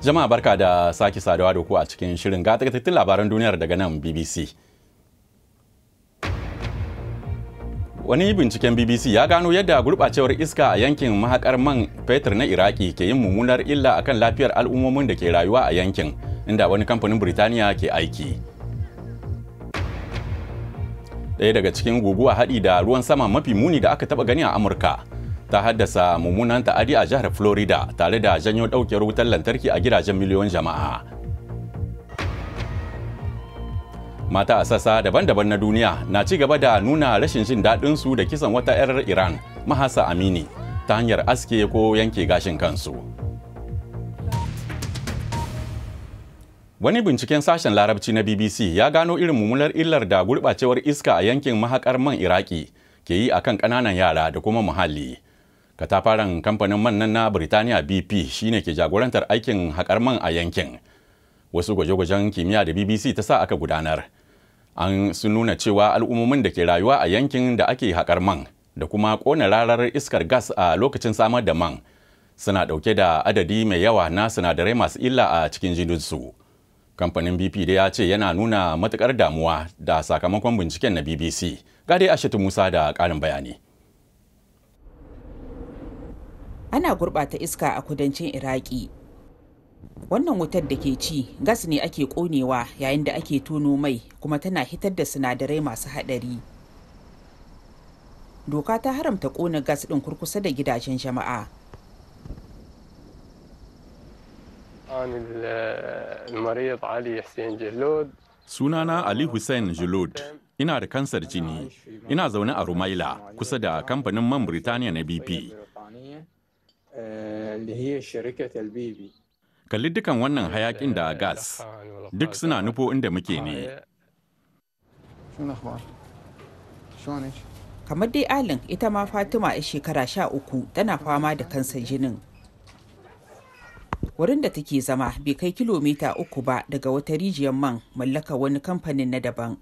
Jama'a barka da sake saduwa da ku a cikin shirin gatakaitattun labaran duniyar daga nan BBC. Wani binciken BBC ya gano yadda gurɓacewar iska a yankin mahakar man fetur na Iraki ke yin mummunar illa akan lafiyar al'ummomin da ke rayuwa a yankin, inda wani kamfanin Birtaniya ke aiki. Ɗaya daga cikin guguwa haɗi da ruwan sama mafi muni da aka taɓa gani a Amurka. ta haddasa mummunan ta'adi a jihar Florida tare da janyo ɗauke wutar lantarki a gidajen miliyon jama'a. Mata a sassa daban-daban na duniya na ci gaba da nuna rashin jin daɗinsu da kisan wata 'yar Iran, Mahasa Amini, ta hanyar aske ko yanke gashin kansu. Wani binciken sashen larabci na BBC ya gano irin mummunar illar da gurɓacewar iska a yankin mahakar man Iraki ke yi akan ƙananan yara da kuma muhalli. katafaren kamfanin man nan na Birtaniya BP shine ke jagorantar aikin haƙar man a yankin. Wasu gwaje-gwajen kimiyya da BBC ta sa aka gudanar. An sun nuna cewa al'ummomin da ke rayuwa a yankin da ake haƙar man da kuma ƙona rarar iskar gas a lokacin samar da man suna ɗauke da adadi mai yawa na sinadarai masu illa a cikin jininsu. Kamfanin BP da ya ce yana nuna matuƙar damuwa da sakamakon binciken na BBC. Gade Ashatu Musa da ƙarin bayani. ana gurɓata iska a kudancin iraki wannan wutar da ke ci gas ne ake konewa yayin da ake tono mai kuma tana hitar da sinadarai masu haɗari doka ta haramta ƙona gas ɗin kurkusa da gidajen jama'a eh, sunana ali hussein jilod ina da kansar jini ina zaune a rumaila kusa da kamfanin man britania na bp Eh, اللي هي شركة البيبي wannan hayakin da gas duk suna nufo inda muke ne kamar dai alin ita ma fatima a shekara sha uku tana fama da kansan jinin wurin da take zama bai kai kilomita uku ba daga wata rijiyar man mallaka wani kamfanin na daban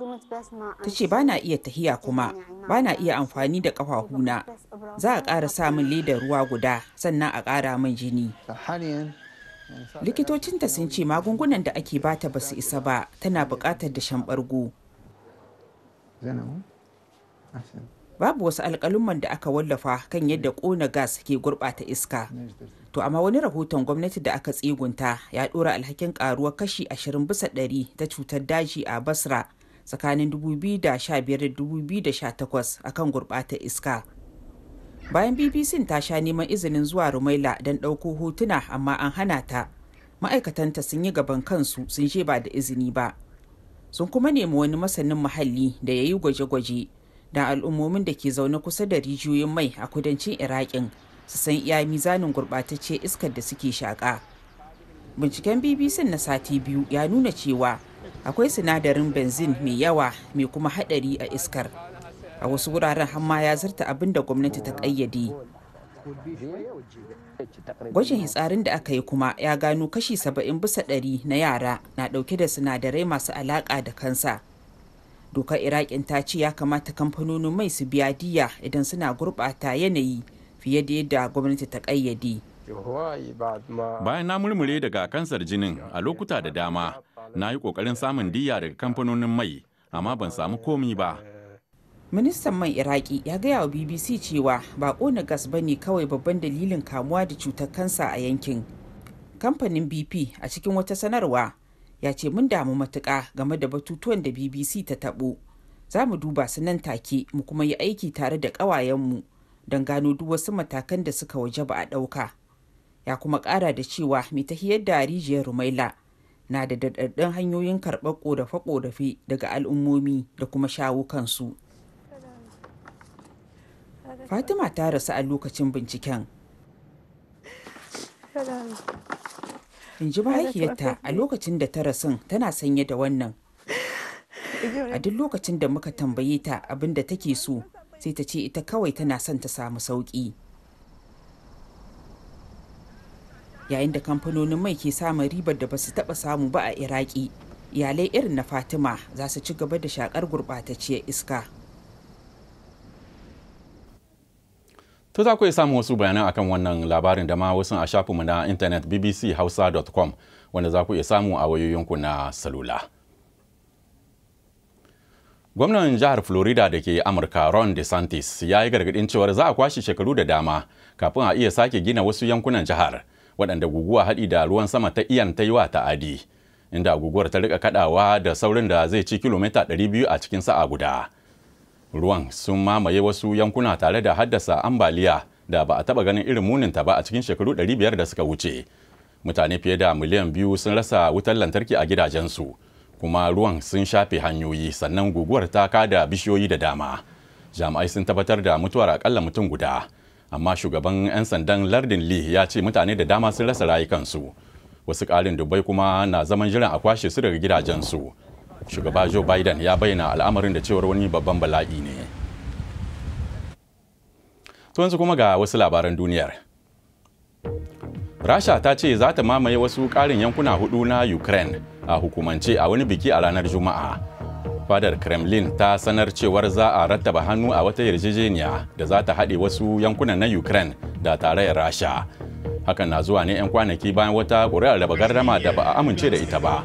ta ce ba iya tahiya kuma bana iya amfani da ƙafafuna za a ƙara samun leda ruwa guda sannan a ƙara min jini likitocinta sun ce magungunan da ake bata ba su isa ba tana buƙatar da shan ɓargo babu wasu alƙalumman da aka wallafa kan yadda ƙona gas ke gurɓata iska to amma wani rahoton gwamnati da aka tsegunta ya ɗora alhakin ƙaruwar kashi 20 bisa ɗari ta cutar daji a basra tsakanin 2015-2018 akan gurɓatar iska bayan bbc ta sha neman izinin zuwa rumaila don ɗauko hotuna amma an hana ta ma'aikatanta sun yi gaban kansu sun je ba da izini ba sun kuma nemi wani masanin muhalli da ya yi gwaje-gwaje da al'ummomin da ke zaune kusa da rijiyoyin mai a kudancin iraƙin su san iya mizanin gurɓatacce iskar da suke shaƙa binciken bbc na sati biyu ya nuna cewa akwai sinadarin benzin mai yawa mai kuma hadari a iskar a wasu wuraren hamma ya zarta abin da gwamnati ta kayyade gwajin hitsarin da aka yi kuma ya gano kashi 70 bisa ɗari na yara na ɗauke da sinadarai masu alaƙa da kansa doka iraƙin ta ce ya kamata kamfanonin mai su biya diya idan suna gurɓata yanayi fiye da yadda gwamnati ta ƙayyade Bayan na murmure daga kansar jinin a lokuta da dama, na yi ƙoƙarin samun diya daga kamfanonin mai, amma ban samu komi ba. Ministan man Iraki ya gaya wa BBC cewa ba ƙona gas ba ne kawai babban dalilin kamuwa da cutar kansa a yankin. Kamfanin BP a cikin wata sanarwa ya ce mun damu matuƙa game da batutuwan da BBC ta taɓo. Za mu duba su nan take mu kuma yi aiki tare da ƙawayenmu don gano duk wasu matakan da suka waje ba a ɗauka. ya kuma ƙara da cewa mitahiyar da rijiyar rumaila na da daɗaɗɗun hanyoyin karɓar ƙodafe-ƙodafe daga al'ummomi da kuma shawo kansu fatima ta rasu a lokacin binciken in ji mahaifiyarta a lokacin da ta rasun tana sanye da wannan a duk lokacin da muka tambaye ta abin da take so sai ta ce ita kawai tana son ta samu sauƙi. yayin da kamfanonin mai ke samun ribar da basu taɓa samu ba a iraki iyalai irin na fatima za su ci gaba da shakar gurɓatacciyar iska to za ku iya samun wasu bayanan akan wannan labarin da ma wasu a shafinmu na intanet bbchausa.com wanda za ku iya samu a wayoyinku na salula. Gwamnan jihar Florida da ke Amurka Ron santis ya yi gargadin cewar za a kwashe shekaru da dama kafin a iya sake gina wasu yankunan jihar waɗanda guguwa haɗi da ruwan sama ta iyan ta yi wa ta'adi inda guguwar ta rika kadawa da saurin da zai ci kilomita 200 a cikin sa'a guda ruwan sun mamaye wasu yankuna tare da haddasa ambaliya da ba a taba ganin irin munin ta ba a cikin shekaru 500 da suka wuce mutane fiye da miliyan biyu sun rasa wutar lantarki a gidajensu kuma ruwan sun shafe hanyoyi sannan guguwar ta kada bishiyoyi da dama jami'ai sun tabbatar da mutuwar akalla mutum guda amma shugaban 'yan sandan lardin lee ya ce mutane da dama sun rasa rayukansu wasu ƙarin dubai kuma na zaman jiran a kwashe su daga gidajensu shugaba joe biden ya bayyana al'amarin da cewar wani babban bala'i ne yanzu kuma ga wasu labaran duniyar rasha ta ce za ta mamaye wasu ƙarin yankuna hudu na ukraine a hukumance a wani biki a ranar juma'a fadar kremlin ta sanar cewar za a rattaba hannu a wata yarjejeniya da za ta haɗe wasu yankunan na ukraine da tarayyar rasha hakan na zuwa ne 'yan kwanaki bayan wata ƙuri'ar da gardama da ba a amince da ita ba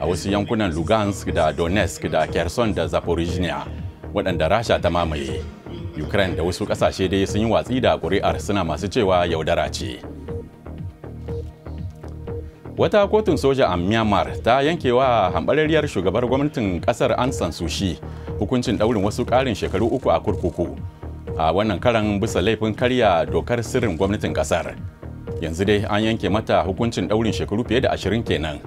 a wasu yankunan lugansk da donetsk da kherson da zaporizhia waɗanda rasha ta mamaye ukraine da wasu ƙasashe dai sun yi watsi da ƙuri'ar suna masu cewa yaudara ce wata kotun soja a myanmar ta yankewa hambarariyar shugabar gwamnatin kasar an Sushi hukuncin daurin wasu karin shekaru uku a kurkuku a wannan karan bisa laifin karya dokar sirrin gwamnatin kasar yanzu dai an yanke mata hukuncin daurin shekaru fiye da ashirin kenan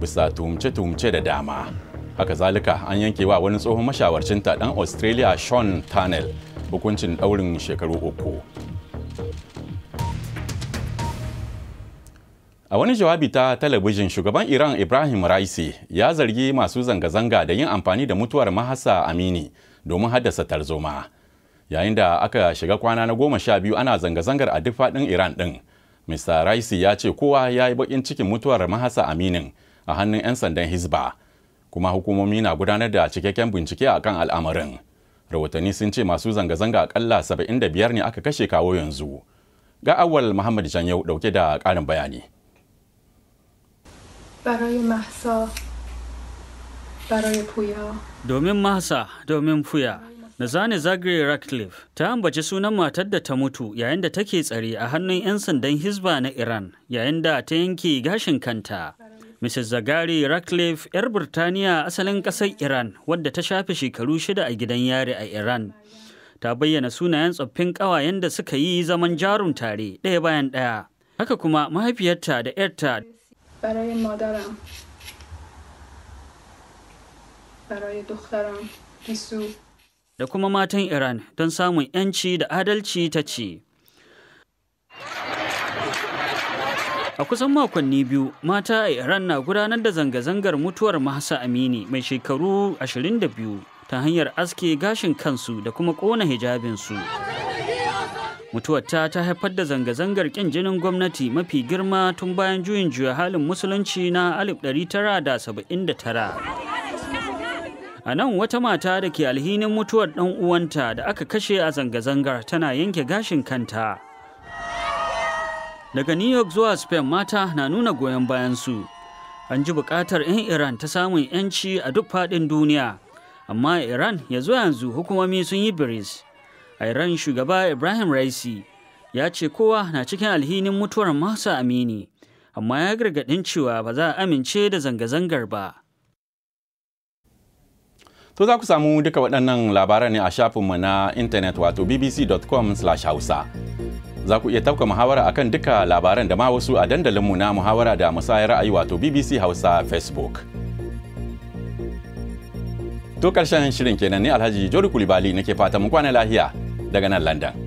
bisa tumce-tumce da dama haka zalika an yanke wa wani tsohon mashawarcinta dan australia sean tunnel hukuncin daurin shekaru uku A wani jawabi ta talabijin shugaban Iran Ibrahim Raisi ya zargi masu zanga-zanga da yin amfani da mutuwar mahasa Amini domin haddasa tarzoma. Yayin da aka shiga kwana na goma sha biyu ana zanga-zangar a duk faɗin Iran ɗin. Mr. Raisi ya ce kowa ya yi baƙin cikin mutuwar mahasa Aminin a hannun 'yan sandan Hizba. Kuma hukumomi na gudanar da cikakken bincike a kan al'amarin. Rahotanni sun ce masu zanga-zanga da biyar ne aka kashe kawo yanzu. Ga awal Muhammad Janyau ɗauke da ƙarin bayani. برای محسا domin mahsa domin puya Nazane Zagre Ratcliffe ta ambaci sunan matar da ta mutu yayin da take tsare a hannun 'yan sandan Hizba na Iran yayin da ta yanke gashin kanta. Mrs. Zagari Ratcliffe 'yar Birtaniya asalin ƙasar Iran wadda ta shafe shekaru shida a gidan yari a Iran. Ta bayyana sunayen tsoffin ƙawayen da suka yi zaman jarum tare ɗaya bayan ɗaya. Haka kuma mahaifiyarta da 'yarta برای مادرم برای دخترم گیسو da kuma matan Iran don samun 'yanci da adalci ta ce. A kusan makonni biyu, mata a Iran na gudanar da zanga-zangar mutuwar Mahsa Amini mai shekaru 22 ta hanyar aske gashin kansu da kuma ƙona hijabinsu. Mutuwarta ta haifar da zanga-zangar ƙin jinin gwamnati mafi girma tun bayan juyin juya halin musulunci na 1979 A nan wata mata da ke alhinin mutuwar ɗan uwanta da aka kashe a zanga-zangar tana yanke gashin kanta. Daga New York zuwa Spain mata na nuna goyon bayansu. An ji bukatar 'yan Iran ta samun 'yanci a duk faɗin duniya. Amma Iran ya zo yanzu hukumomi sun yi biris. a shugaba ibrahim raisi ya ce kowa na cikin alhinin mutuwar masu amini amma ya gargaɗin cewa ba za a amince da zanga-zangar ba To za ku samu duka waɗannan labaran ne a shafinmu na intanet wato bbc.com/hausa. Za ku iya tafka muhawara a kan duka labaran da ma wasu a dandalinmu na muhawara da musayar ra'ayi wato BBC Hausa Facebook. To ƙarshen shirin kenan ne Alhaji jori Kulibali nake fata mu kwana lahiya. daga nan London.